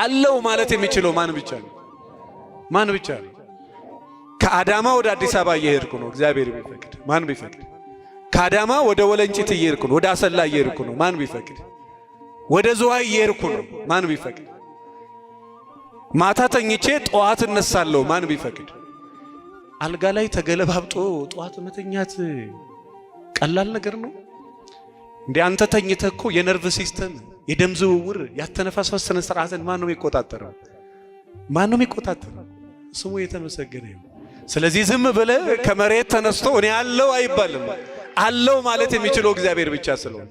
አለው ማለት የሚችለው ማን ብቻ ነው? ማን ብቻ ነው? ከአዳማ ወደ አዲስ አበባ እየሄድኩ ነው፣ እግዚአብሔር ቢፈቅድ። ማን ቢፈቅድ? ከአዳማ ወደ ወለንጭት እየሄድኩ ነው፣ ወደ አሰላ እየሄድኩ ነው። ማን ቢፈቅድ? ወደ ዝዋይ እየሄድኩ ነው። ማን ቢፈቅድ? ማታ ተኝቼ ጠዋት እነሳለሁ። ማን ቢፈቅድ? አልጋ ላይ ተገለባብጦ ጠዋት መተኛት ቀላል ነገር ነው እንዴ? አንተ ተኝተህ እኮ የነርቭ ሲስተም የደም ዝውውር ያተነፋፈስ ስነ ስርዓትን ማን ነው የሚቆጣጠረው? ማን ነው የሚቆጣጠረው? ስሙ የተመሰገነ ይሁን። ስለዚህ ዝም ብለ ከመሬት ተነስቶ እኔ አለው አይባልም። አለው ማለት የሚችለው እግዚአብሔር ብቻ ስለሆነ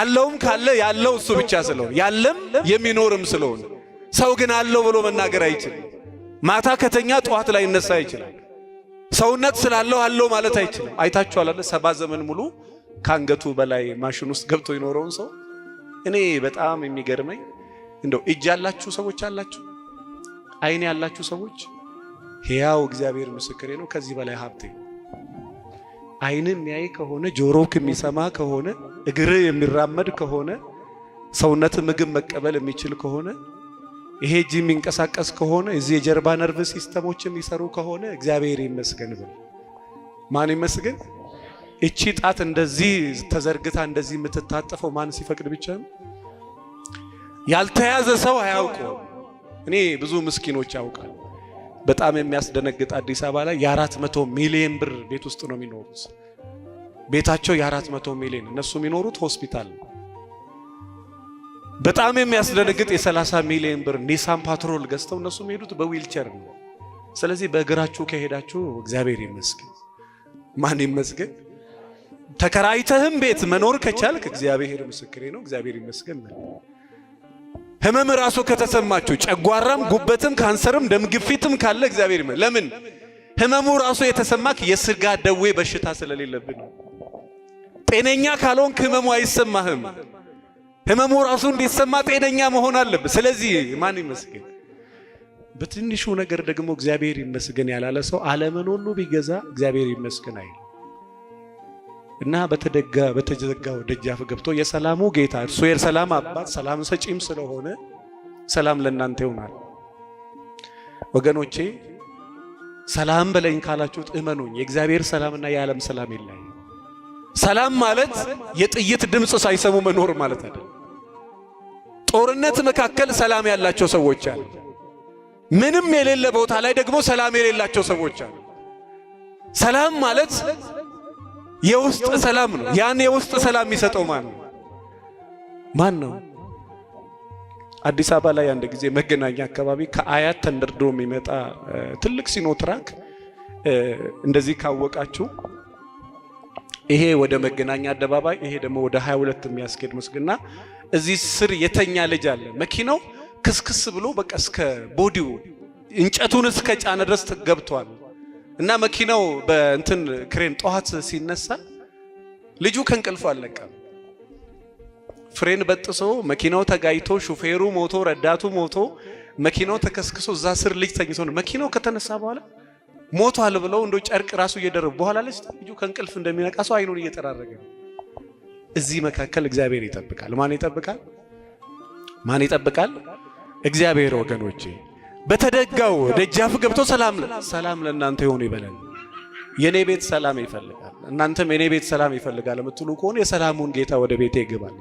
አለውም ካለ ያለው እሱ ብቻ ስለሆነ ያለም የሚኖርም ስለሆነ ሰው ግን አለው ብሎ መናገር አይችልም። ማታ ከተኛ ጠዋት ላይ ይነሳ ይችላል። ሰውነት ስላለው አለው ማለት አይችልም። አይታችኋል አይደል? ሰባ ዘመን ሙሉ ከአንገቱ በላይ ማሽን ውስጥ ገብቶ ይኖረውን ሰው እኔ በጣም የሚገርመኝ እንደው እጅ ያላችሁ ሰዎች አላችሁ፣ አይን ያላችሁ ሰዎች ሕያው እግዚአብሔር ምስክሬ ነው። ከዚህ በላይ ሀብቴ አይን የሚያይ ከሆነ ጆሮ የሚሰማ ከሆነ እግር የሚራመድ ከሆነ ሰውነት ምግብ መቀበል የሚችል ከሆነ ይሄ እጅ የሚንቀሳቀስ ከሆነ እዚህ የጀርባ ነርቭ ሲስተሞች የሚሰሩ ከሆነ እግዚአብሔር ይመስገን ብል ማን ይመስገን? እቺ ጣት እንደዚህ ተዘርግታ እንደዚህ የምትታጠፈው ማን ሲፈቅድ ብቻ ነው። ያልተያዘ ሰው አያውቀው። እኔ ብዙ ምስኪኖች ያውቃል። በጣም የሚያስደነግጥ አዲስ አበባ ላይ የአራት መቶ ሚሊዮን ብር ቤት ውስጥ ነው የሚኖሩት። ቤታቸው የአራት መቶ ሚሊዮን እነሱ የሚኖሩት ሆስፒታል ነው። በጣም የሚያስደነግጥ የ30 ሚሊዮን ብር ኒሳን ፓትሮል ገዝተው እነሱ የሚሄዱት በዊልቸር ነው። ስለዚህ በእግራችሁ ከሄዳችሁ እግዚአብሔር ይመስገን። ማን ይመስገን? ተከራይተህም ቤት መኖር ከቻልክ እግዚአብሔር ምስክሬ ነው፣ እግዚአብሔር ይመስገን። ህመም ራሱ ከተሰማችሁ ጨጓራም፣ ጉበትም፣ ካንሰርም፣ ደም ግፊትም ካለ እግዚአብሔር ለምን ህመሙ ራሱ የተሰማክ የስጋ ደዌ በሽታ ስለሌለብን ነው። ጤነኛ ካልሆንክ ህመሙ አይሰማህም። ህመሙ ራሱ እንዲሰማ ጤነኛ መሆን አለብህ። ስለዚህ ማን ይመስገን። በትንሹ ነገር ደግሞ እግዚአብሔር ይመስገን ያላለ ሰው ዓለምን ሁሉ ቢገዛ እግዚአብሔር ይመስገን አይል እና በተደጋ በተዘጋው ደጃፍ ገብቶ የሰላሙ ጌታ እርሱ የሰላም አባት ሰላም ሰጪም ስለሆነ ሰላም ለእናንተ ይሆናል። ወገኖቼ ሰላም በለኝ ካላችሁት እመኑኝ፣ የእግዚአብሔር ሰላምና የዓለም ሰላም ይላል ሰላም ማለት የጥይት ድምፅ ሳይሰሙ መኖር ማለት አይደለም። ጦርነት መካከል ሰላም ያላቸው ሰዎች አሉ። ምንም የሌለ ቦታ ላይ ደግሞ ሰላም የሌላቸው ሰዎች አሉ። ሰላም ማለት የውስጥ ሰላም ነው። ያን የውስጥ ሰላም የሚሰጠው ማን ነው? ማን ነው? አዲስ አበባ ላይ አንድ ጊዜ መገናኛ አካባቢ ከአያት ተንደርድሮ የሚመጣ ትልቅ ሲኖትራክ እንደዚህ ካወቃችሁ ይሄ ወደ መገናኛ አደባባይ ይሄ ደግሞ ወደ 22 የሚያስኬድ መስግና እዚህ ስር የተኛ ልጅ አለ። መኪናው ክስክስ ብሎ በቃ እስከ ቦዲው እንጨቱን እስከ ጫነ ድረስ ገብቷል። እና መኪናው በእንትን ክሬን ጠዋት ሲነሳ ልጁ ከእንቅልፉ አልነቃም። ፍሬን በጥሶ መኪናው ተጋይቶ ሹፌሩ ሞቶ ረዳቱ ሞቶ መኪናው ተከስክሶ እዛ ስር ልጅ ተኝቶ ነው። መኪናው ከተነሳ በኋላ ሞቷል ብለው እንደ ጨርቅ ራሱ እየደረቡ በኋላ ልጅ ልጁ ከእንቅልፍ እንደሚነቃ ሰው አይኑን እየጠራረገ ነው። እዚህ መካከል እግዚአብሔር ይጠብቃል። ማን ይጠብቃል? ማን ይጠብቃል? እግዚአብሔር ወገኖቼ በተደጋው ደጃፍ ገብቶ ሰላም ሰላም ለእናንተ ይሁን ይበለን። የኔ ቤት ሰላም ይፈልጋል፣ እናንተም የኔ ቤት ሰላም ይፈልጋል የምትሉ ከሆነ የሰላሙን ጌታ ወደ ቤቴ ይገባል።